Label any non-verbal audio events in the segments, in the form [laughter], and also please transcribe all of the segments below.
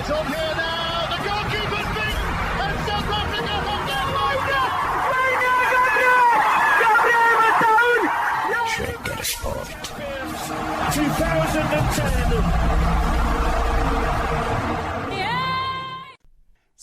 is okay.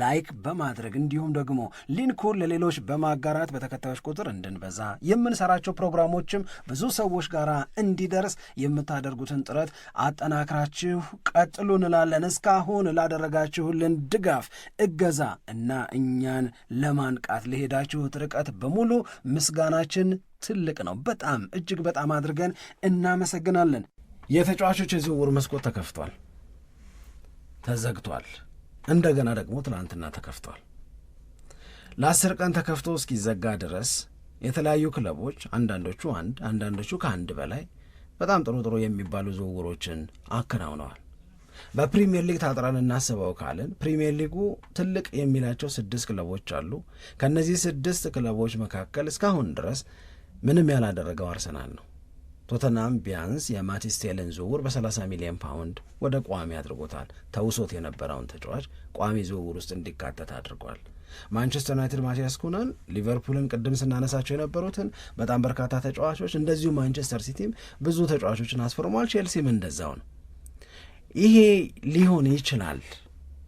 ላይክ በማድረግ እንዲሁም ደግሞ ሊንኩን ለሌሎች በማጋራት በተከታዮች ቁጥር እንድንበዛ የምንሰራቸው ፕሮግራሞችም ብዙ ሰዎች ጋር እንዲደርስ የምታደርጉትን ጥረት አጠናክራችሁ ቀጥሉ እንላለን። እስካሁን ላደረጋችሁልን ድጋፍ፣ እገዛ እና እኛን ለማንቃት ለሄዳችሁት ርቀት በሙሉ ምስጋናችን ትልቅ ነው። በጣም እጅግ በጣም አድርገን እናመሰግናለን። የተጫዋቾች የዝውውር መስኮት ተከፍቷል፣ ተዘግቷል። እንደገና ደግሞ ትናንትና ተከፍቷል። ለአስር ቀን ተከፍቶ እስኪዘጋ ድረስ የተለያዩ ክለቦች አንዳንዶቹ አንድ አንዳንዶቹ ከአንድ በላይ በጣም ጥሩ ጥሩ የሚባሉ ዝውውሮችን አከናውነዋል። በፕሪምየር ሊግ ታጥረን እናስበው ካልን ፕሪምየር ሊጉ ትልቅ የሚላቸው ስድስት ክለቦች አሉ። ከእነዚህ ስድስት ክለቦች መካከል እስካሁን ድረስ ምንም ያላደረገው አርሰናል ነው። ቶተናም ቢያንስ የማቲስ ቴልን ዝውውር በ30 ሚሊዮን ፓውንድ ወደ ቋሚ አድርጎታል። ተውሶት የነበረውን ተጫዋች ቋሚ ዝውውር ውስጥ እንዲካተት አድርጓል። ማንቸስተር ዩናይትድ ማቲያስ ኩናን፣ ሊቨርፑልን ቅድም ስናነሳቸው የነበሩትን በጣም በርካታ ተጫዋቾች እንደዚሁ ማንቸስተር ሲቲም ብዙ ተጫዋቾችን አስፈርሟል። ቼልሲም እንደዛው ነው። ይሄ ሊሆን ይችላል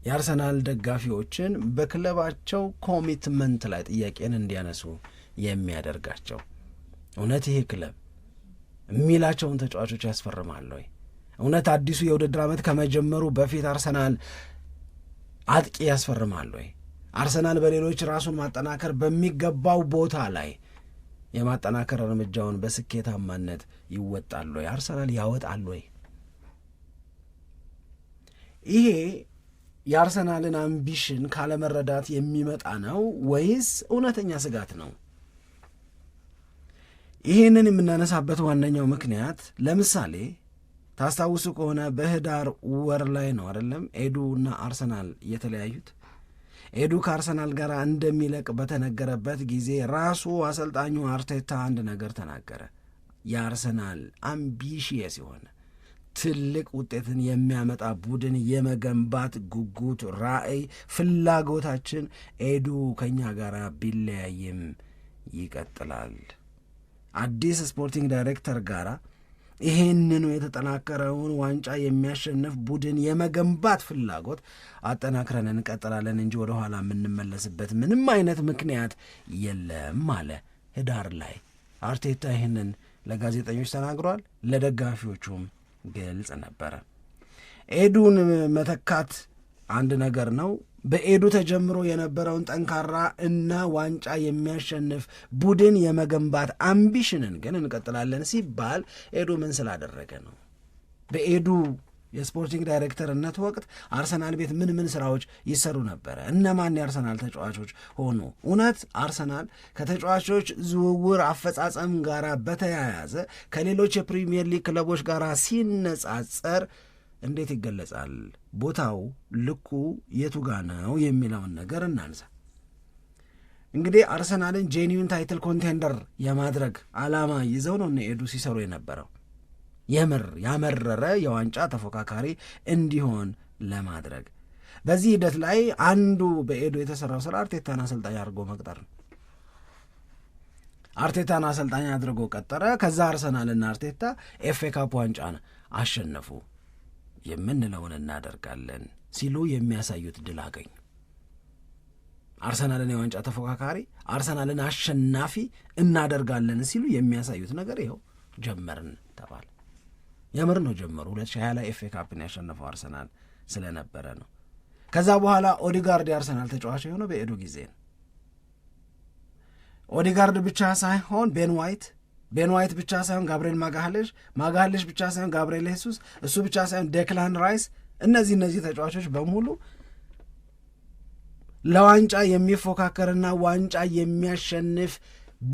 የአርሰናል ደጋፊዎችን በክለባቸው ኮሚትመንት ላይ ጥያቄን እንዲያነሱ የሚያደርጋቸው እውነት ይሄ ክለብ የሚላቸውን ተጫዋቾች ያስፈርማል ወይ? እውነት አዲሱ የውድድር ዓመት ከመጀመሩ በፊት አርሰናል አጥቂ ያስፈርማል ወይ? አርሰናል በሌሎች ራሱን ማጠናከር በሚገባው ቦታ ላይ የማጠናከር እርምጃውን በስኬታማነት ይወጣል ወይ? አርሰናል ያወጣል ወይ? ይሄ የአርሰናልን አምቢሽን ካለመረዳት የሚመጣ ነው ወይስ እውነተኛ ስጋት ነው? ይህንን የምናነሳበት ዋነኛው ምክንያት ለምሳሌ ታስታውሱ ከሆነ በህዳር ወር ላይ ነው አይደለም ኤዱ እና አርሰናል የተለያዩት። ኤዱ ከአርሰናል ጋር እንደሚለቅ በተነገረበት ጊዜ ራሱ አሰልጣኙ አርቴታ አንድ ነገር ተናገረ። የአርሰናል አምቢሽየስ የሆነ ትልቅ ውጤትን የሚያመጣ ቡድን የመገንባት ጉጉት፣ ራዕይ፣ ፍላጎታችን ኤዱ ከእኛ ጋር ቢለያይም ይቀጥላል አዲስ ስፖርቲንግ ዳይሬክተር ጋር ይሄንኑ የተጠናከረውን ዋንጫ የሚያሸንፍ ቡድን የመገንባት ፍላጎት አጠናክረን እንቀጥላለን እንጂ ወደኋላ የምንመለስበት ምንም አይነት ምክንያት የለም አለ። ህዳር ላይ አርቴታ ይህንን ለጋዜጠኞች ተናግሯል። ለደጋፊዎቹም ግልጽ ነበረ። ኤዱን መተካት አንድ ነገር ነው። በኤዱ ተጀምሮ የነበረውን ጠንካራ እና ዋንጫ የሚያሸንፍ ቡድን የመገንባት አምቢሽንን ግን እንቀጥላለን ሲባል ኤዱ ምን ስላደረገ ነው? በኤዱ የስፖርቲንግ ዳይሬክተርነት ወቅት አርሰናል ቤት ምን ምን ስራዎች ይሰሩ ነበረ? እነማን የአርሰናል ተጫዋቾች ሆኑ? እውነት አርሰናል ከተጫዋቾች ዝውውር አፈጻጸም ጋር በተያያዘ ከሌሎች የፕሪሚየር ሊግ ክለቦች ጋር ሲነጻጸር እንዴት ይገለጻል፣ ቦታው ልኩ የቱ ጋ ነው የሚለውን ነገር እናንሳ። እንግዲህ አርሰናልን ጄኒዩን ታይትል ኮንቴንደር የማድረግ አላማ ይዘው ነው እነ ኤዱ ሲሰሩ የነበረው የምር ያመረረ የዋንጫ ተፎካካሪ እንዲሆን ለማድረግ። በዚህ ሂደት ላይ አንዱ በኤዱ የተሰራው ስራ አርቴታን አሰልጣኝ አድርጎ መቅጠር ነው። አርቴታን አሰልጣኝ አድርጎ ቀጠረ። ከዛ አርሰናልና አርቴታ ኤፍ ኤ ካፕ ዋንጫን አሸነፉ። የምንለውን እናደርጋለን ሲሉ የሚያሳዩት ድል አገኙ። አርሰናልን የዋንጫ ተፎካካሪ አርሰናልን አሸናፊ እናደርጋለን ሲሉ የሚያሳዩት ነገር ይኸው ጀመርን ተባለ። የምር ነው ጀመሩ። 2020 ላይ ኤፍ ካፕን ያሸነፈው አርሰናል ስለነበረ ነው። ከዛ በኋላ ኦዲጋርድ የአርሰናል ተጫዋች የሆነው በኤዶ ጊዜ ነው። ኦዲጋርድ ብቻ ሳይሆን ቤን ዋይት ቤን ዋይት ብቻ ሳይሆን ጋብርኤል ማጋሃሌሽ፣ ማጋሃሌሽ ብቻ ሳይሆን ጋብርኤል ሄሱስ፣ እሱ ብቻ ሳይሆን ዴክላን ራይስ፣ እነዚህ እነዚህ ተጫዋቾች በሙሉ ለዋንጫ የሚፎካከርና ዋንጫ የሚያሸንፍ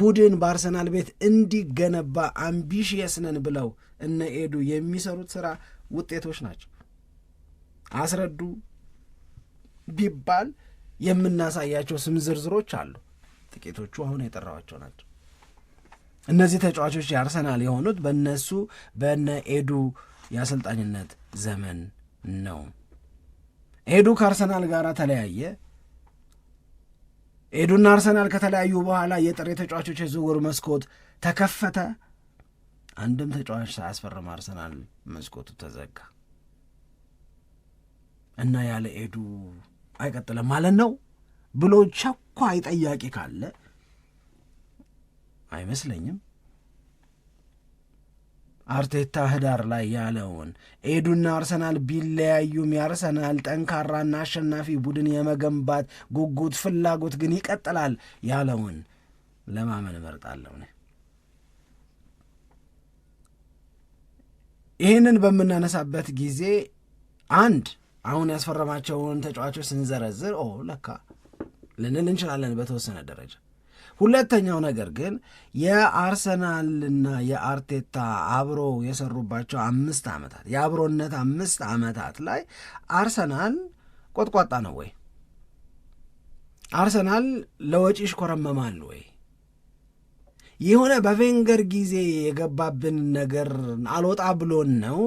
ቡድን በአርሰናል ቤት እንዲገነባ አምቢሽየስ ነን ብለው እነ ኤዱ የሚሰሩት ስራ ውጤቶች ናቸው። አስረዱ ቢባል የምናሳያቸው ስም ዝርዝሮች አሉ። ጥቂቶቹ አሁን የጠራዋቸው ናቸው። እነዚህ ተጫዋቾች የአርሰናል የሆኑት በእነሱ በነ ኤዱ የአሰልጣኝነት ዘመን ነው። ኤዱ ከአርሰናል ጋር ተለያየ። ኤዱና አርሰናል ከተለያዩ በኋላ የጥሬ ተጫዋቾች የዝውውር መስኮት ተከፈተ። አንድም ተጫዋች ሳያስፈርም አርሰናል መስኮቱ ተዘጋ እና ያለ ኤዱ አይቀጥልም ማለት ነው ብሎ ቸኳይ ጠያቂ ካለ አይመስለኝም። አርቴታ ህዳር ላይ ያለውን ኤዱና አርሰናል ቢለያዩም የአርሰናል ጠንካራና አሸናፊ ቡድን የመገንባት ጉጉት፣ ፍላጎት ግን ይቀጥላል ያለውን ለማመን እመርጣለሁ። ይህንን በምናነሳበት ጊዜ አንድ አሁን ያስፈረማቸውን ተጫዋቾች ስንዘረዝር ኦ ለካ ልንል እንችላለን በተወሰነ ደረጃ ሁለተኛው ነገር ግን የአርሰናልና የአርቴታ አብሮ የሰሩባቸው አምስት ዓመታት የአብሮነት አምስት ዓመታት ላይ አርሰናል ቆጥቋጣ ነው ወይ? አርሰናል ለወጪ ይሽኮረመማል ወይ? የሆነ በቬንገር ጊዜ የገባብን ነገር አልወጣ ብሎን ነው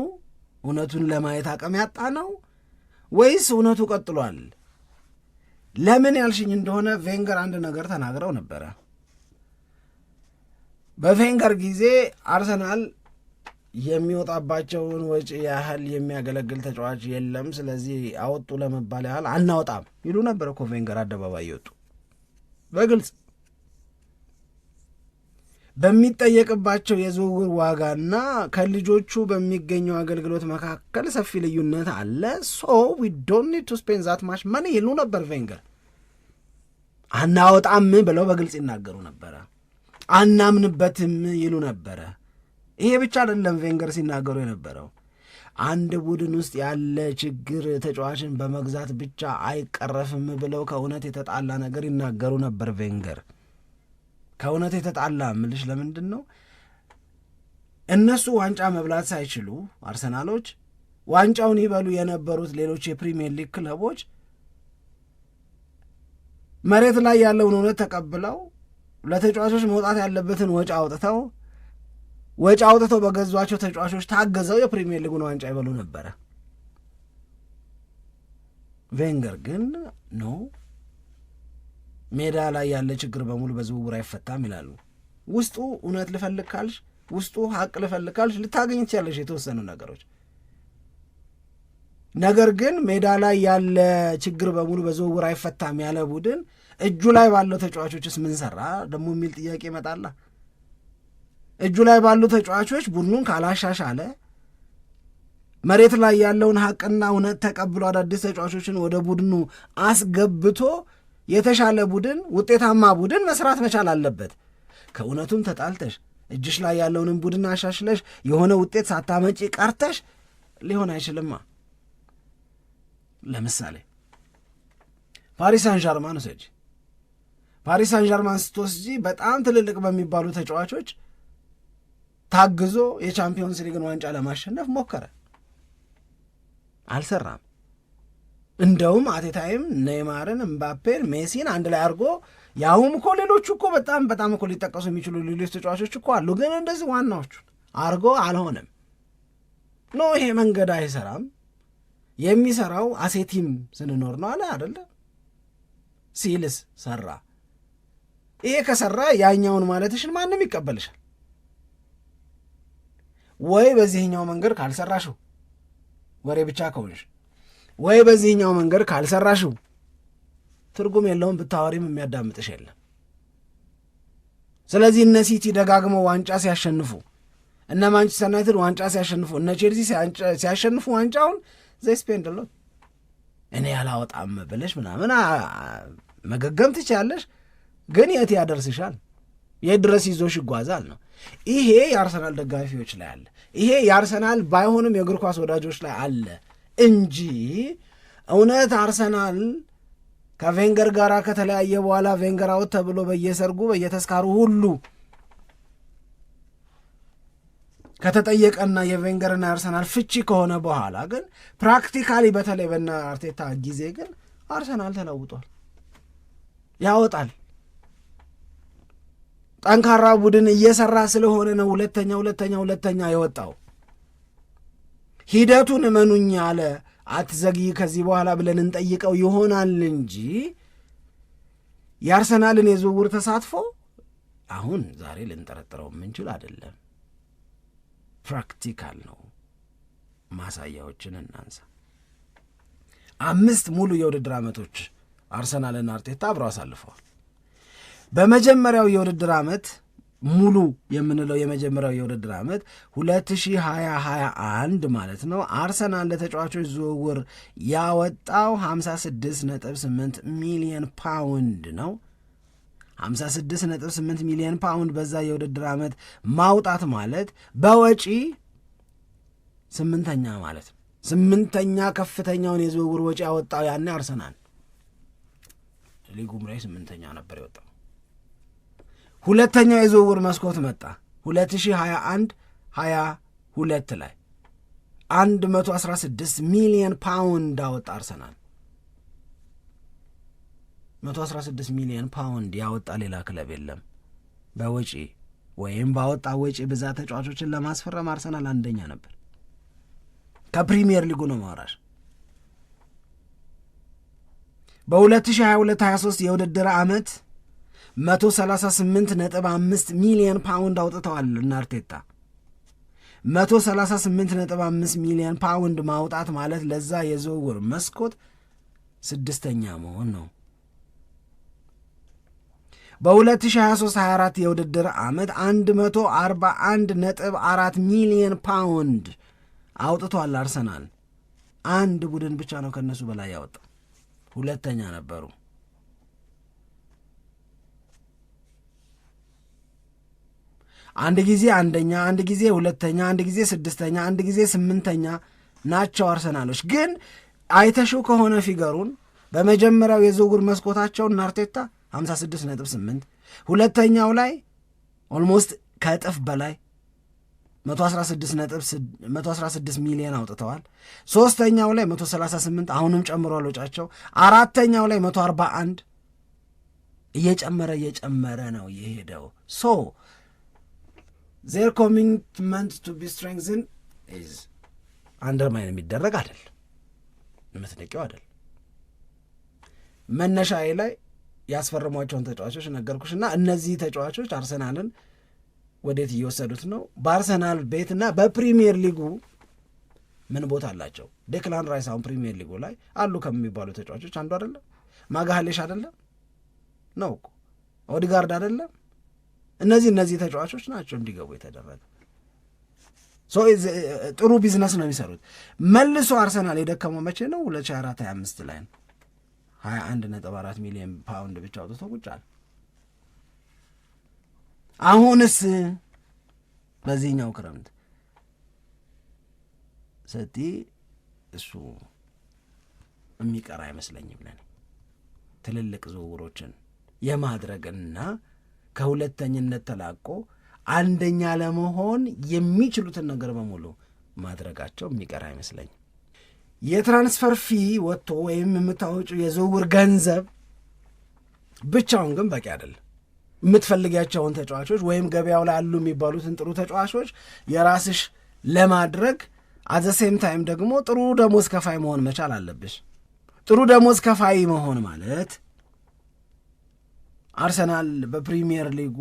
እውነቱን ለማየት አቅም ያጣ ነው ወይስ እውነቱ ቀጥሏል? ለምን ያልሽኝ እንደሆነ ቬንገር አንድ ነገር ተናግረው ነበረ። በቬንገር ጊዜ አርሰናል የሚወጣባቸውን ወጪ ያህል የሚያገለግል ተጫዋች የለም፣ ስለዚህ አወጡ ለመባል ያህል አናወጣም ይሉ ነበር እኮ ቬንገር አደባባይ ይወጡ በግልጽ በሚጠየቅባቸው የዝውውር ዋጋና ከልጆቹ በሚገኘው አገልግሎት መካከል ሰፊ ልዩነት አለ። ሶ ዊ ዶንት ኒድ ቱ ስፔንድ ዛት ማች መኒ ይሉ ነበር ቬንገር። አናወጣም ብለው በግልጽ ይናገሩ ነበረ። አናምንበትም ይሉ ነበረ። ይሄ ብቻ አይደለም ቬንገር ሲናገሩ የነበረው አንድ ቡድን ውስጥ ያለ ችግር ተጫዋችን በመግዛት ብቻ አይቀረፍም ብለው ከእውነት የተጣላ ነገር ይናገሩ ነበር ቬንገር። ከእውነት የተጣላ ምልሽ ለምንድን ነው እነሱ ዋንጫ መብላት ሳይችሉ አርሰናሎች ዋንጫውን ይበሉ የነበሩት ሌሎች የፕሪሚየር ሊግ ክለቦች መሬት ላይ ያለውን እውነት ተቀብለው ለተጫዋቾች መውጣት ያለበትን ወጪ አውጥተው ወጪ አውጥተው በገዟቸው ተጫዋቾች ታገዘው የፕሪሚየር ሊጉን ዋንጫ ይበሉ ነበረ። ቬንገር ግን ነው ሜዳ ላይ ያለ ችግር በሙሉ በዝውውር አይፈታም ይላሉ። ውስጡ እውነት ልፈልግ ካልሽ፣ ውስጡ ሀቅ ልፈልግ ካልሽ ልታገኝ ትችያለሽ የተወሰኑ ነገሮች። ነገር ግን ሜዳ ላይ ያለ ችግር በሙሉ በዝውውር አይፈታም ያለ ቡድን እጁ ላይ ባለው ተጫዋቾችስ ምን ሰራ ደግሞ የሚል ጥያቄ ይመጣላ። እጁ ላይ ባሉ ተጫዋቾች ቡድኑን ካላሻሻለ መሬት ላይ ያለውን ሀቅና እውነት ተቀብሎ አዳዲስ ተጫዋቾችን ወደ ቡድኑ አስገብቶ የተሻለ ቡድን ውጤታማ ቡድን መስራት መቻል አለበት። ከእውነቱም ተጣልተሽ እጅሽ ላይ ያለውንም ቡድን አሻሽለሽ የሆነ ውጤት ሳታመጪ ቀርተሽ ሊሆን አይችልማ። ለምሳሌ ፓሪስ ሳን ዣርማን ውሰጂ። ፓሪስ ሳን ዣርማን ስትወስጂ በጣም ትልልቅ በሚባሉ ተጫዋቾች ታግዞ የቻምፒዮንስ ሊግን ዋንጫ ለማሸነፍ ሞከረ፣ አልሰራም። እንደውም አቴታይም ኔይማርን፣ እምባፔን፣ ሜሲን አንድ ላይ አድርጎ ያውም እኮ ሌሎቹ እኮ በጣም በጣም እኮ ሊጠቀሱ የሚችሉ ሌሎች ተጫዋቾች እኮ አሉ። ግን እንደዚህ ዋናዎቹ አድርጎ አልሆነም። ኖ ይሄ መንገድ አይሰራም። የሚሰራው አሴቲም ስንኖር ነው አለ አደለ ሲልስ ሰራ። ይሄ ከሰራ ያኛውን ማለትሽን ማንም ይቀበልሻል ወይ? በዚህኛው መንገድ ካልሰራሽው ወሬ ብቻ ከሆንሽ ወይ በዚህኛው መንገድ ካልሰራሽው ትርጉም የለውም፣ ብታወሪም የሚያዳምጥሽ የለም። ስለዚህ እነ ሲቲ ደጋግመው ዋንጫ ሲያሸንፉ፣ እነ ማንቸስተር ዩናይትድ ዋንጫ ሲያሸንፉ፣ እነ ቼልሲ ሲያሸንፉ ዋንጫውን ዘይ እኔ ያላወጣም ብለሽ ምናምን መገገም ትችላለሽ፣ ግን የት ያደርስሻል? የት ድረስ ይዞሽ ይጓዛል ነው። ይሄ የአርሰናል ደጋፊዎች ላይ አለ። ይሄ የአርሰናል ባይሆንም የእግር ኳስ ወዳጆች ላይ አለ። እንጂ እውነት አርሰናል ከቬንገር ጋር ከተለያየ በኋላ ቬንገር አውት ተብሎ በየሰርጉ በየተስካሩ ሁሉ ከተጠየቀና የቬንገርና የአርሰናል ፍቺ ከሆነ በኋላ ግን ፕራክቲካሊ በተለይ በና አርቴታ ጊዜ ግን አርሰናል ተለውጧል። ያወጣል ጠንካራ ቡድን እየሰራ ስለሆነ ነው። ሁለተኛ ሁለተኛ ሁለተኛ የወጣው ሂደቱን እመኑኝ አለ። አትዘግይ ከዚህ በኋላ ብለን እንጠይቀው ይሆናል እንጂ የአርሰናልን የዝውውር ተሳትፎ አሁን ዛሬ ልንጠረጥረው የምንችል አይደለም። ፕራክቲካል ነው። ማሳያዎችን እናንሳ። አምስት ሙሉ የውድድር ዓመቶች አርሰናልና አርቴታ አብረው አሳልፈዋል። በመጀመሪያው የውድድር ዓመት ሙሉ የምንለው የመጀመሪያው የውድድር ዓመት 2020 ማለት ነው። አርሰናል ለተጫዋቾች ዝውውር ያወጣው 56.8 ሚሊዮን ፓውንድ ነው። 56.8 ሚሊዮን ፓውንድ በዛ የውድድር ዓመት ማውጣት ማለት በወጪ ስምንተኛ ማለት ነው። ስምንተኛ ከፍተኛውን የዝውውር ወጪ ያወጣው ያኔ አርሰናል ሊጉም ላይ ስምንተኛ ነበር የወጣው። ሁለተኛው የዝውውር መስኮት መጣ 2021 22 ላይ 116 ሚሊዮን ፓውንድ አወጣ አርሰናል 116 ሚሊዮን ፓውንድ ያወጣ ሌላ ክለብ የለም በወጪ ወይም ባወጣ ወጪ ብዛት ተጫዋቾችን ለማስፈረም አርሰናል አንደኛ ነበር ከፕሪሚየር ሊጉ ነው ማውራሽ በ2022/23 የውድድር ዓመት 138.5 ሚሊዮን ፓውንድ አውጥተዋል እና አርቴታ 138.5 ሚሊዮን ፓውንድ ማውጣት ማለት ለዛ የዝውውር መስኮት ስድስተኛ መሆን ነው። በ2023/24 የውድድር ዓመት 141.4 ሚሊዮን ፓውንድ አውጥቷል አርሰናል። አንድ ቡድን ብቻ ነው ከእነሱ በላይ ያወጣ፣ ሁለተኛ ነበሩ። አንድ ጊዜ አንደኛ፣ አንድ ጊዜ ሁለተኛ፣ አንድ ጊዜ ስድስተኛ፣ አንድ ጊዜ ስምንተኛ ናቸው አርሰናሎች። ግን አይተሹ ከሆነ ፊገሩን በመጀመሪያው የዝውውር መስኮታቸውን አርቴታ 56.8 ሁለተኛው ላይ ኦልሞስት ከእጥፍ በላይ 116 ሚሊዮን አውጥተዋል። ሶስተኛው ላይ 138 አሁንም ጨምሯል ወጫቸው። አራተኛው ላይ 141 እየጨመረ እየጨመረ ነው የሄደው ሶ ዜር ኮሚትመንት ቱ ቢ ስትሬንግዝን ኢዝ አንደርማይን የሚደረግ አይደል፣ የምትንቂው አይደል። መነሻዬ ላይ ያስፈርሟቸውን ተጫዋቾች ነገርኩሽ እና እነዚህ ተጫዋቾች አርሰናልን ወዴት እየወሰዱት ነው? በአርሰናል ቤት በፕሪሚየር ሊጉ ምን ቦታ አላቸው? ዴክላን ራይስ አሁን ፕሪሚየር ሊጉ ላይ አሉ ከሚባሉ ተጫዋቾች አንዱ አይደለም? ማጋሃሌሽ አይደለም ነው ኦዲጋርድ አይደለም እነዚህ እነዚህ ተጫዋቾች ናቸው እንዲገቡ የተደረገ። uh, ጥሩ ቢዝነስ ነው የሚሰሩት። መልሶ አርሰናል የደከመው መቼ ነው? 2024 25 ላይ ነው። 21 ነጥብ 4 ሚሊዮን ፓውንድ ብቻ አውጥቶ ቁጭ አለ። አሁንስ በዚህኛው ክረምት ሰቲ እሱ የሚቀር አይመስለኝም። ለኔ ትልልቅ ዝውውሮችን የማድረግና ከሁለተኝነት ተላቆ አንደኛ ለመሆን የሚችሉትን ነገር በሙሉ ማድረጋቸው የሚቀር አይመስለኝም። የትራንስፈር ፊ ወጥቶ ወይም የምታወጩ የዝውውር ገንዘብ ብቻውን ግን በቂ አይደለም። የምትፈልጊያቸውን ተጫዋቾች ወይም ገበያው ላይ አሉ የሚባሉትን ጥሩ ተጫዋቾች የራስሽ ለማድረግ ሴም ታይም ደግሞ ጥሩ ደሞዝ ከፋይ መሆን መቻል አለብሽ። ጥሩ ደሞዝ ከፋይ መሆን ማለት አርሰናል በፕሪሚየር ሊጉ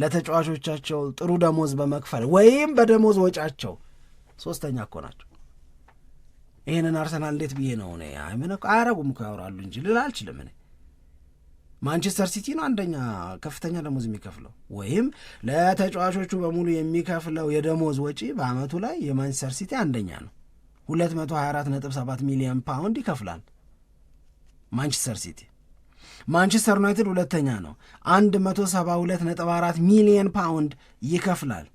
ለተጫዋቾቻቸው ጥሩ ደሞዝ በመክፈል ወይም በደሞዝ ወጫቸው ሶስተኛ እኮ ናቸው። ይህንን አርሰናል እንዴት ብዬ ነው እኔ አይምን አያረጉም እኮ ያወራሉ እንጂ ልል አልችልም። እኔ ማንቸስተር ሲቲ ነው አንደኛ ከፍተኛ ደሞዝ የሚከፍለው ወይም ለተጫዋቾቹ በሙሉ የሚከፍለው የደሞዝ ወጪ በአመቱ ላይ የማንቸስተር ሲቲ አንደኛ ነው። 224.7 ሚሊዮን ፓውንድ ይከፍላል ማንቸስተር ሲቲ ማንቸስተር ዩናይትድ ሁለተኛ ነው። ባነ4 ሚሊየን ፓውንድ ይከፍላል።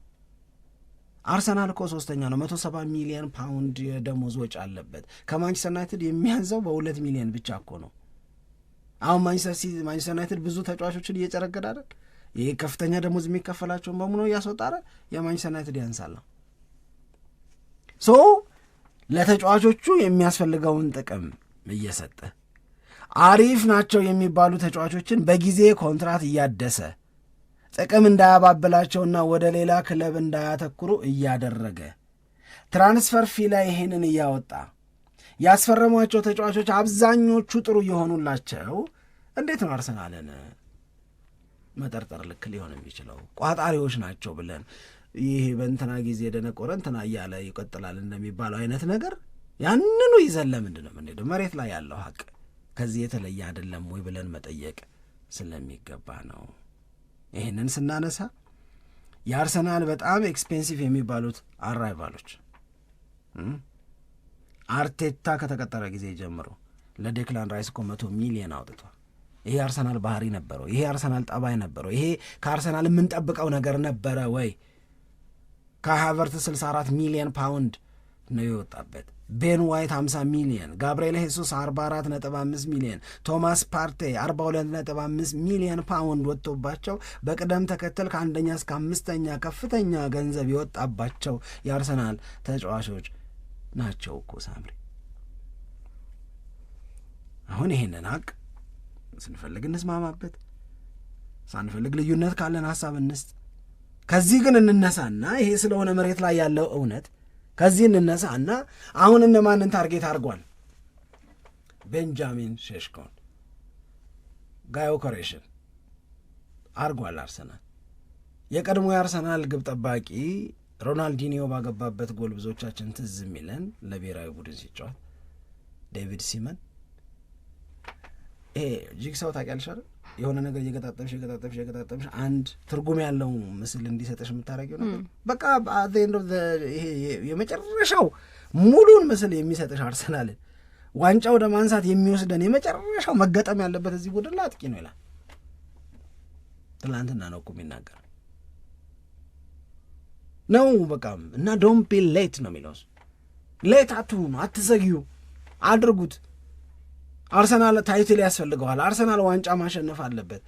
አርሰናል እኮ ሶስተኛ ነው። 170 ሚሊየን ፓውንድ የደሞዝ ወጪ አለበት። ከማንቸስተር ዩናይትድ የሚያንሰው በሁለት ሚሊየን ብቻ እኮ ነው። አሁን ማንቸስተር ዩናይትድ ብዙ ተጫዋቾችን እየጨረገደ አይደል? ይህ ከፍተኛ ደሞዝ የሚከፈላቸውን በሙሉ እያስወጣረ የማንቸስተር ዩናይትድ ያንሳል። ሶ ለተጫዋቾቹ የሚያስፈልገውን ጥቅም እየሰጠ አሪፍ ናቸው የሚባሉ ተጫዋቾችን በጊዜ ኮንትራት እያደሰ ጥቅም እንዳያባብላቸውና ወደ ሌላ ክለብ እንዳያተኩሩ እያደረገ ትራንስፈር ፊ ላይ ይሄንን እያወጣ ያስፈረሟቸው ተጫዋቾች አብዛኞቹ ጥሩ የሆኑላቸው እንዴት ነው አርሰናልን መጠርጠር ልክ ሊሆን የሚችለው ቋጣሪዎች ናቸው ብለን ይህ በእንትና ጊዜ ደነቆረ እንትና እያለ ይቀጥላል እንደሚባለው አይነት ነገር ያንኑ ይዘን ለምንድን ነው የምንሄደው? መሬት ላይ ያለው ሀቅ ከዚህ የተለየ አይደለም ወይ ብለን መጠየቅ ስለሚገባ ነው። ይህንን ስናነሳ የአርሰናል በጣም ኤክስፔንሲቭ የሚባሉት አራይቫሎች አርቴታ ከተቀጠረ ጊዜ ጀምሮ ለዴክላን ራይስ እኮ መቶ ሚሊየን አውጥቷል። ይሄ አርሰናል ባህሪ ነበረው? ይሄ አርሰናል ጠባይ ነበረው? ይሄ ከአርሰናል የምንጠብቀው ነገር ነበረ ወይ? ከሀቨርት 64 ሚሊየን ፓውንድ ነው የወጣበት። ቤን ዋይት 50 ሚሊየን፣ ጋብርኤል ሄሱስ 44.5 ሚሊየን፣ ቶማስ ፓርቴ 42.5 ሚሊየን ፓውንድ ወጥቶባቸው በቅደም ተከተል ከአንደኛ እስከ አምስተኛ ከፍተኛ ገንዘብ የወጣባቸው የአርሰናል ተጫዋቾች ናቸው እኮ ሳምሪ። አሁን ይሄንን ሀቅ ስንፈልግ እንስማማበት፣ ሳንፈልግ ልዩነት ካለን ሀሳብ እንስጥ። ከዚህ ግን እንነሳና ይሄ ስለሆነ መሬት ላይ ያለው እውነት ከዚህ እንነሳ እና አሁን እነማንን ታርጌት አድርጓል? ቤንጃሚን ሼሽኮን፣ ጋዮ ኮሬሽን አድርጓል። አርሰናል የቀድሞ የአርሰናል ግብ ጠባቂ ሮናልዲኒዮ ባገባበት ጎል ብዙዎቻችን ትዝ የሚለን ለብሔራዊ ቡድን ሲጫወት ዴቪድ ሲመን ይሄ ጂግሳው ታውቂያለሽ አይደል? የሆነ ነገር እየገጣጠምሽ እየገጣጠምሽ እየገጣጠምሽ አንድ ትርጉም ያለው ምስል እንዲሰጥሽ የምታደርጊው ነገር በቃ ይሄ የመጨረሻው ሙሉን ምስል የሚሰጥሽ አርሰናልን ዋንጫ ወደ ማንሳት የሚወስደን የመጨረሻው መገጠም ያለበት እዚህ ቡድን ላይ አጥቂ ነው ይላል። ትላንትና ነው እኮ የሚናገር ነው በቃ እና ዶንት ቢ ሌት ነው የሚለው ሌት አትሁኑ፣ አትዘግዩ፣ አድርጉት አርሰናል ታይትል ያስፈልገዋል። አርሰናል ዋንጫ ማሸነፍ አለበት።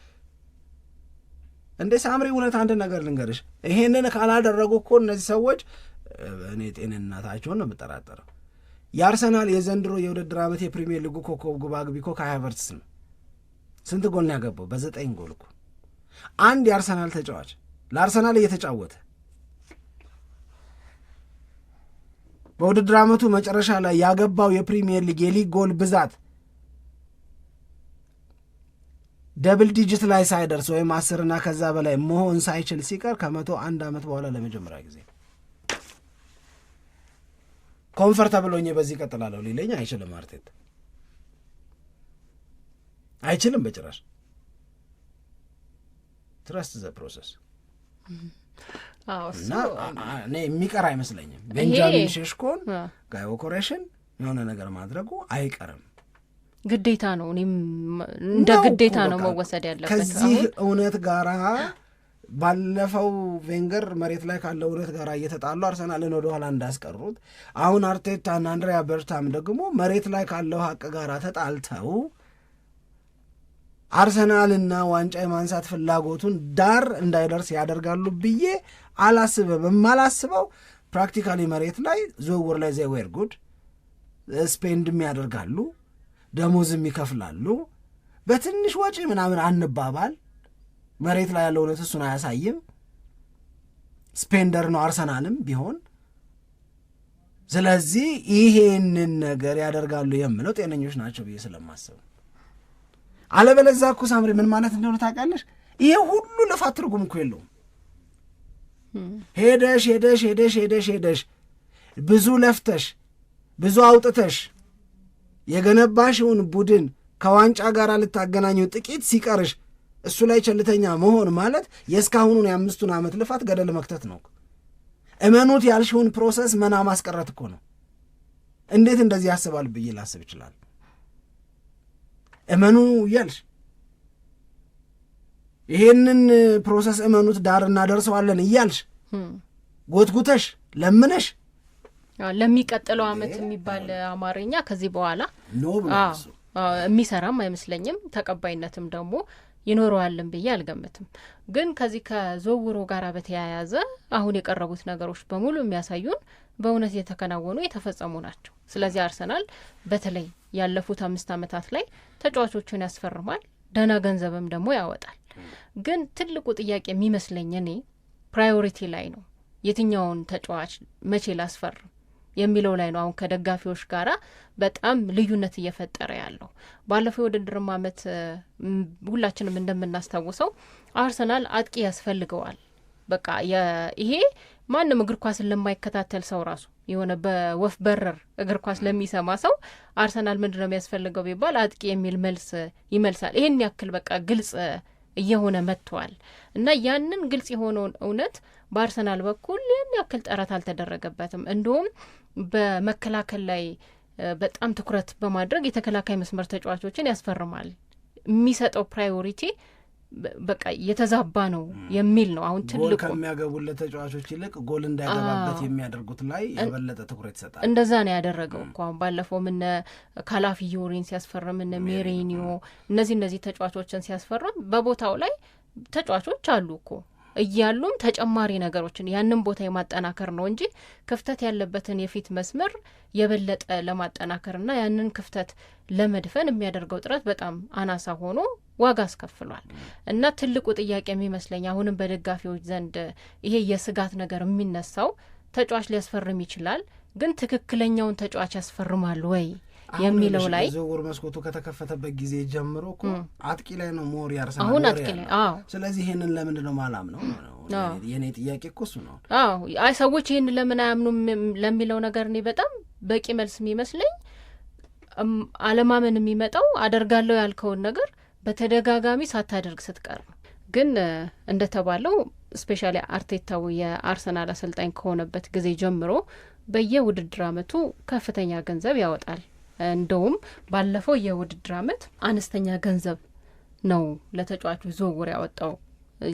እንዴ ሳምሪ እውነት አንድ ነገር ልንገርሽ፣ ይሄንን ካላደረጉ እኮ እነዚህ ሰዎች እኔ ጤንነታቸውን ነው የምጠራጠረው። የአርሰናል የዘንድሮ የውድድር ዓመት የፕሪሚየር ሊጉ ኮከብ ግብ አግቢ እኮ ካይ ሃቨርትስ ነው። ስንት ጎል ያገባው? በዘጠኝ ጎል እኮ አንድ የአርሰናል ተጫዋች ለአርሰናል እየተጫወተ በውድድር ዓመቱ መጨረሻ ላይ ያገባው የፕሪሚየር ሊግ የሊግ ጎል ብዛት ደብል ዲጂት ላይ ሳይደርስ ወይም አስርና ከዛ በላይ መሆን ሳይችል ሲቀር ከመቶ አንድ ዓመት በኋላ ለመጀመሪያ ጊዜ ኮንፈርተብል ሆኜ በዚህ እቀጥላለሁ ሊለኝ አይችልም። አርቴት አይችልም በጭራሽ። ትረስት ዘ ፕሮሰስ እና እኔ የሚቀር አይመስለኝም። ቤንጃሚን ሼሽኮን ጋይ ኮሬሽን የሆነ ነገር ማድረጉ አይቀርም። ግዴታ ነው። እኔም እንደ ግዴታ ነው መወሰድ ያለበት። ከዚህ እውነት ጋራ ባለፈው ቬንገር መሬት ላይ ካለው እውነት ጋር እየተጣሉ አርሰናልን ወደኋላ እንዳስቀሩት አሁን አርቴታ አርቴታና አንድሪያ በርታም ደግሞ መሬት ላይ ካለው ሀቅ ጋር ተጣልተው አርሰናልና ዋንጫ የማንሳት ፍላጎቱን ዳር እንዳይደርስ ያደርጋሉ ብዬ አላስብም። የማላስበው ፕራክቲካሊ መሬት ላይ ዝውውር ላይ ዜዌር ጉድ ስፔንድም ያደርጋሉ ደሞዝም ይከፍላሉ። በትንሽ ወጪ ምናምን አንባባል። መሬት ላይ ያለው እውነት እሱን አያሳይም። ስፔንደር ነው አርሰናልም ቢሆን። ስለዚህ ይሄንን ነገር ያደርጋሉ የምለው ጤነኞች ናቸው ብዬ ስለማስብ፣ አለበለዚያ እኮ ሳምሪ ምን ማለት እንደሆነ ታውቃለሽ? ይሄ ሁሉ ልፋት ትርጉም እኮ የለውም። ሄደሽ ሄደሽ ሄደሽ ሄደሽ ሄደሽ ብዙ ለፍተሽ ብዙ አውጥተሽ የገነባሽውን ቡድን ከዋንጫ ጋር ልታገናኘው ጥቂት ሲቀርሽ እሱ ላይ ቸልተኛ መሆን ማለት የእስካሁኑን የአምስቱን ዓመት ልፋት ገደል መክተት ነው። እመኑት ያልሽውን ፕሮሰስ መና ማስቀረት እኮ ነው። እንዴት እንደዚህ ያስባል ብዬ ላስብ ይችላል። እመኑ እያልሽ ይሄንን ፕሮሰስ እመኑት ዳር እናደርሰዋለን እያልሽ ጎትጉተሽ ለምነሽ ለሚቀጥለው አመት የሚባል አማርኛ ከዚህ በኋላ የሚሰራም አይመስለኝም። ተቀባይነትም ደግሞ ይኖረዋልን ብዬ አልገምትም። ግን ከዚህ ከዝውውሩ ጋር በተያያዘ አሁን የቀረቡት ነገሮች በሙሉ የሚያሳዩን በእውነት የተከናወኑ የተፈጸሙ ናቸው። ስለዚህ አርሰናል በተለይ ያለፉት አምስት አመታት ላይ ተጫዋቾቹን ያስፈርማል፣ ደህና ገንዘብም ደግሞ ያወጣል። ግን ትልቁ ጥያቄ የሚመስለኝ እኔ ፕራዮሪቲ ላይ ነው። የትኛውን ተጫዋች መቼ ላስፈርም የሚለው ላይ ነው አሁን ከደጋፊዎች ጋራ በጣም ልዩነት እየፈጠረ ያለው። ባለፈው የውድድርም ዓመት ሁላችንም እንደምናስታውሰው አርሰናል አጥቂ ያስፈልገዋል። በቃ ይሄ ማንም እግር ኳስን ለማይከታተል ሰው ራሱ የሆነ በወፍ በረር እግር ኳስ ለሚሰማ ሰው አርሰናል ምንድን ነው የሚያስፈልገው ቢባል አጥቂ የሚል መልስ ይመልሳል። ይህን ያክል በቃ ግልጽ እየሆነ መጥተዋል እና ያንን ግልጽ የሆነውን እውነት በአርሰናል በኩል ያን ያክል ጥረት አልተደረገበትም። እንዲሁም በመከላከል ላይ በጣም ትኩረት በማድረግ የተከላካይ መስመር ተጫዋቾችን ያስፈርማል። የሚሰጠው ፕራዮሪቲ በቃ የተዛባ ነው የሚል ነው። አሁን ትልቁ ከሚያገቡለት ተጫዋቾች ይልቅ ጎል እንዳይገባበት የሚያደርጉት ላይ የበለጠ ትኩረት ይሰጣል። እንደዛ ነው ያደረገው እኮ አሁን ባለፈውም እነ ካላፊዮሪን ሲያስፈርም እነ ሜሬኒዮ እነዚህ እነዚህ ተጫዋቾችን ሲያስፈርም በቦታው ላይ ተጫዋቾች አሉ እኮ እያሉም ተጨማሪ ነገሮችን ያንን ቦታ የማጠናከር ነው እንጂ ክፍተት ያለበትን የፊት መስመር የበለጠ ለማጠናከርና ያንን ክፍተት ለመድፈን የሚያደርገው ጥረት በጣም አናሳ ሆኖ ዋጋ አስከፍሏል እና ትልቁ ጥያቄ የሚመስለኝ አሁንም በደጋፊዎች ዘንድ ይሄ የስጋት ነገር የሚነሳው ተጫዋች ሊያስፈርም ይችላል፣ ግን ትክክለኛውን ተጫዋች ያስፈርማል ወይ የሚለው ላይ ዝውውር መስኮቱ ከተከፈተበት ጊዜ ጀምሮ እኮ አጥቂ ላይ ነው ሞር አርሰናል አሁን አጥቂ ላይ ስለዚህ ይህንን ለምንድን ነው ማላም ነው የእኔ ጥያቄ እኮ እሱ ነው። አይ ሰዎች ይህን ለምን አያምኑም ለሚለው ነገር እኔ በጣም በቂ መልስ የሚመስለኝ አለማመን የሚመጣው አደርጋለሁ ያልከውን ነገር በተደጋጋሚ ሳታደርግ ስትቀር ግን እንደተባለው ስፔሻሊ አርቴታው የአርሰናል አሰልጣኝ ከሆነበት ጊዜ ጀምሮ በየውድድር አመቱ ከፍተኛ ገንዘብ ያወጣል። እንደውም ባለፈው የውድድር አመት አነስተኛ ገንዘብ ነው ለተጫዋቹ ዝውውር ያወጣው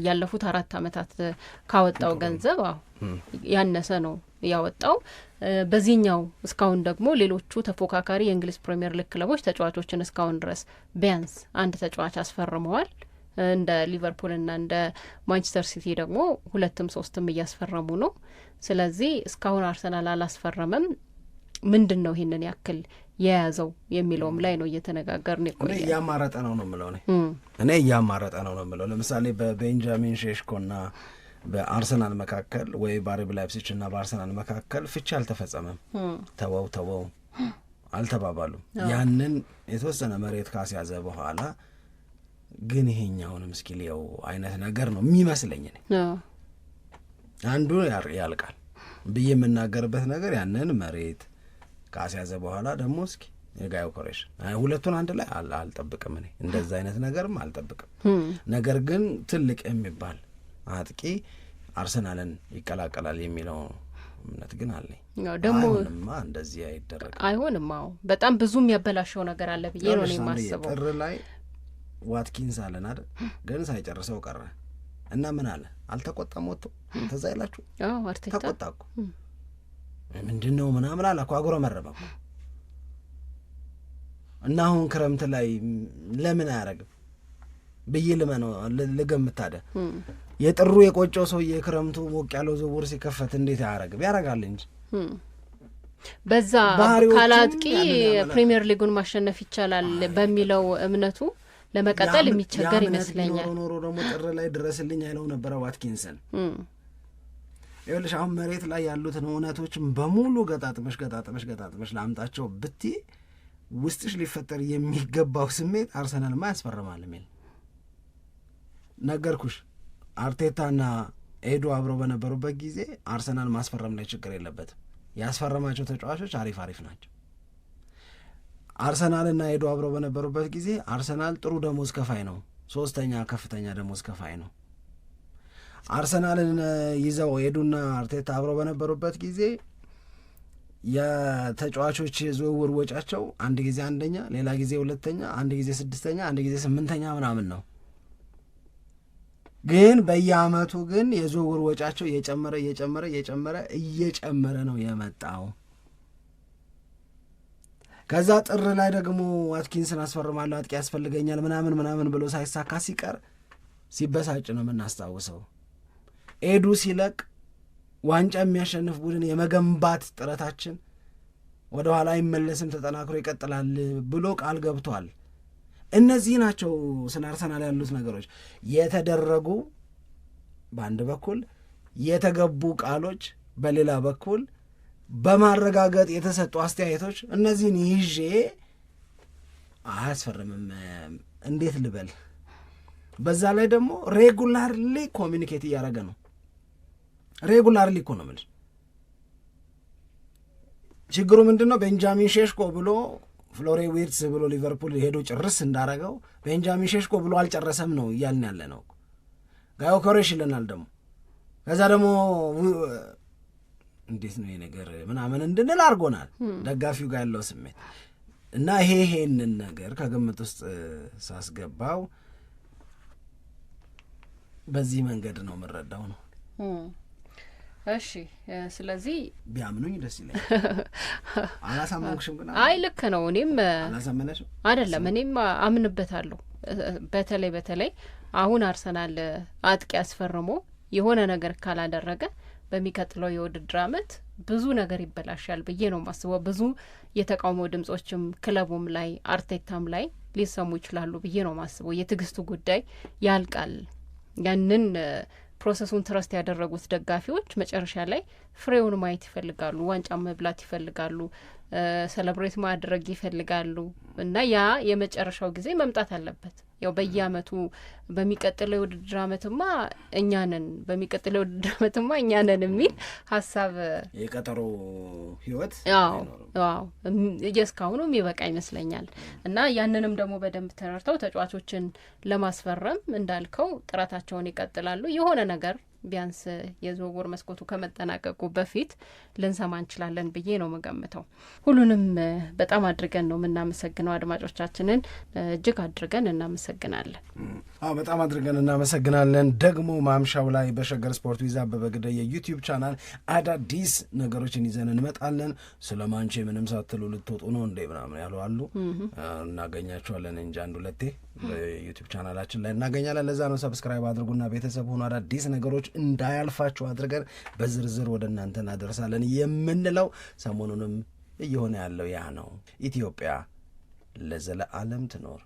ያለፉት አራት አመታት ካወጣው ገንዘብ አሁ ያነሰ ነው ያወጣው። በዚህኛው እስካሁን ደግሞ ሌሎቹ ተፎካካሪ የእንግሊዝ ፕሪምየር ሊግ ክለቦች ተጫዋቾችን እስካሁን ድረስ ቢያንስ አንድ ተጫዋች አስፈርመዋል። እንደ ሊቨርፑልና እንደ ማንቸስተር ሲቲ ደግሞ ሁለትም ሶስትም እያስፈረሙ ነው። ስለዚህ እስካሁን አርሰናል አላስፈረመም። ምንድን ነው ይህንን ያክል የያዘው የሚለውም ላይ ነው እየተነጋገርን እኔ እያማረጠ ነው ነው የምለው እኔ እያማረጠ ነው ነው የምለው ለምሳሌ በቤንጃሚን ሼሽኮና በአርሰናል መካከል ወይ ባረቢ ላይፕሲች እና በአርሰናል መካከል ፍቺ አልተፈጸመም። ተወው ተወው [gasps] አልተባባሉም። ያንን የተወሰነ መሬት ካስያዘ በኋላ ግን ይሄኛውንም እስኪ የው አይነት ነገር ነው የሚመስለኝ። አንዱ ያልቃል ብዬ የምናገርበት ነገር ያንን መሬት ካስያዘ በኋላ ደግሞ እስኪ የጋዮ ኮሬሽ ሁለቱን አንድ ላይ አልጠብቅም። እኔ እንደዛ አይነት ነገርም አልጠብቅም። hmm. ነገር ግን ትልቅ የሚባል አጥቂ አርሰናልን ይቀላቀላል የሚለው እምነት ግን አለኝ። ደግሞ እንደዚህ አይደረግ አይሆንም። አዎ በጣም ብዙ የሚያበላሸው ነገር አለ ብዬ ነው የማስበው። ጥር ላይ ዋትኪንስ አለን አይደል? ግን ሳይጨርሰው ቀረ እና ምን አለ አልተቆጣም። ወጥቶ hmm. ተዛይላችሁ ይላችሁ ተቆጣ እኮ hmm. ምንድን ነው ምናምን አላኩ አጉረመረመ እና አሁን ክረምት ላይ ለምን አያረግም ብዬ ልመነው ልገምት። ታዲያ የጥሩ የቆጮ ሰውዬ የክረምቱ ሞቅ ያለው ዝውውር ሲከፈት እንዴት አያረግም? ያረጋል እንጂ በዛ ካላጥቂ ፕሪሚየር ሊጉን ማሸነፍ ይቻላል በሚለው እምነቱ ለመቀጠል የሚቸገር ይመስለኛል። ኖሮ ደግሞ ጥር ላይ ድረስልኝ አይለው ነበረ ዋትኪንሰን ይኸውልሽ አሁን መሬት ላይ ያሉትን እውነቶችን በሙሉ ገጣጥመሽ ገጣጥመሽ ገጣጥመሽ ላምጣቸው ብቲ ውስጥሽ ሊፈጠር የሚገባው ስሜት አርሰናልማ ያስፈርማል የሚል ነገርኩሽ። አርቴታና ኤዶ አብረው በነበሩበት ጊዜ አርሰናል ማስፈረም ላይ ችግር የለበትም። ያስፈረማቸው ተጫዋቾች አሪፍ አሪፍ ናቸው። አርሰናልና ኤዶ አብረው በነበሩበት ጊዜ አርሰናል ጥሩ ደሞዝ ከፋይ ነው፣ ሶስተኛ ከፍተኛ ደሞዝ ከፋይ ነው። አርሰናልን ይዘው ሄዱና አርቴታ አብረው በነበሩበት ጊዜ የተጫዋቾች ዝውውር ወጫቸው አንድ ጊዜ አንደኛ፣ ሌላ ጊዜ ሁለተኛ፣ አንድ ጊዜ ስድስተኛ፣ አንድ ጊዜ ስምንተኛ ምናምን ነው። ግን በየአመቱ ግን የዝውውር ወጫቸው እየጨመረ እየጨመረ እየጨመረ እየጨመረ ነው የመጣው። ከዛ ጥር ላይ ደግሞ አትኪንስን አስፈርማለሁ አጥቂ ያስፈልገኛል ምናምን ምናምን ብሎ ሳይሳካ ሲቀር ሲበሳጭ ነው የምናስታውሰው። ኤዱ ሲለቅ ዋንጫ የሚያሸንፍ ቡድን የመገንባት ጥረታችን ወደ ኋላ አይመለስም፣ ተጠናክሮ ይቀጥላል ብሎ ቃል ገብቷል። እነዚህ ናቸው ስለ አርሰናል ያሉት ነገሮች የተደረጉ በአንድ በኩል የተገቡ ቃሎች፣ በሌላ በኩል በማረጋገጥ የተሰጡ አስተያየቶች። እነዚህን ይዤ አያስፈርምም እንዴት ልበል። በዛ ላይ ደግሞ ሬጉላርሊ ኮሚኒኬት እያደረገ ነው ሬጉላርሊ እኮ ነው የምልሽ። ችግሩ ምንድን ነው? ቤንጃሚን ሼሽኮ ብሎ ፍሎሬ ዊርትስ ብሎ ሊቨርፑል ሄዶ ጭርስ እንዳረገው ቤንጃሚን ሼሽኮ ብሎ አልጨረሰም ነው እያልን ያለ ነው። ጋዮ ኮሬሽ ይለናል ደግሞ ከዛ ደግሞ እንዴት ነው ነገር ምናምን እንድንል አድርጎናል። ደጋፊው ጋር ያለው ስሜት እና ይሄ ይሄንን ነገር ከግምት ውስጥ ሳስገባው በዚህ መንገድ ነው የምረዳው ነው እሺ ስለዚህ ቢያምኑኝ ደስ ይለኛል። [laughs] አላሳመንኩሽም ግን? አይ ልክ ነው። እኔም አላሳመነሽም አይደለም፣ እኔም አምንበታለሁ። በተለይ በተለይ አሁን አርሰናል አጥቂ አስፈርሞ የሆነ ነገር ካላደረገ በሚቀጥለው የውድድር አመት ብዙ ነገር ይበላሻል ብዬ ነው ማስበው ብዙ የተቃውሞ ድምጾችም ክለቡም ላይ አርቴታም ላይ ሊሰሙ ይችላሉ ብዬ ነው ማስበው የትዕግስቱ ጉዳይ ያልቃል ያንን ፕሮሰሱን ትረስት ያደረጉት ደጋፊዎች መጨረሻ ላይ ፍሬውን ማየት ይፈልጋሉ፣ ዋንጫ መብላት ይፈልጋሉ፣ ሰለብሬት ማድረግ ይፈልጋሉ እና ያ የመጨረሻው ጊዜ መምጣት አለበት። ያው በየአመቱ በሚቀጥለው የውድድር አመትማ እኛንን በሚቀጥለው የውድድር አመትማ እኛንን የሚል ሀሳብ የቀጠሮ ህይወት እየስካሁኑ የሚበቃ ይመስለኛል እና ያንንም ደግሞ በደንብ ተረድተው ተጫዋቾችን ለማስፈረም እንዳልከው ጥረታቸውን ይቀጥላሉ የሆነ ነገር ቢያንስ የዝውውር መስኮቱ ከመጠናቀቁ በፊት ልንሰማ እንችላለን ብዬ ነው የምገምተው ሁሉንም በጣም አድርገን ነው የምናመሰግነው። አድማጮቻችንን እጅግ አድርገን እናመሰግናለን። አዎ በጣም አድርገን እናመሰግናለን። ደግሞ ማምሻው ላይ በሸገር ስፖርት ዊዛ በበግደ የዩቲዩብ ቻናል አዳዲስ ነገሮችን ይዘን እንመጣለን። ስለ ማንቼ ምንም ሳትሉ ልትወጡ ነው እንዴ ምናምን ያሉ አሉ። እናገኛቸዋለን እንጂ አንድ ሁለቴ በዩቲዩብ ቻናላችን ላይ እናገኛለን። ለዛ ነው ሰብስክራይብ አድርጉና ቤተሰብ ሆኑ አዳዲስ ነገሮች እንዳያልፋችሁ አድርገን በዝርዝር ወደ እናንተ እናደርሳለን የምንለው ሰሞኑንም እየሆነ ያለው ያ ነው። ኢትዮጵያ ለዘለዓለም ትኖር።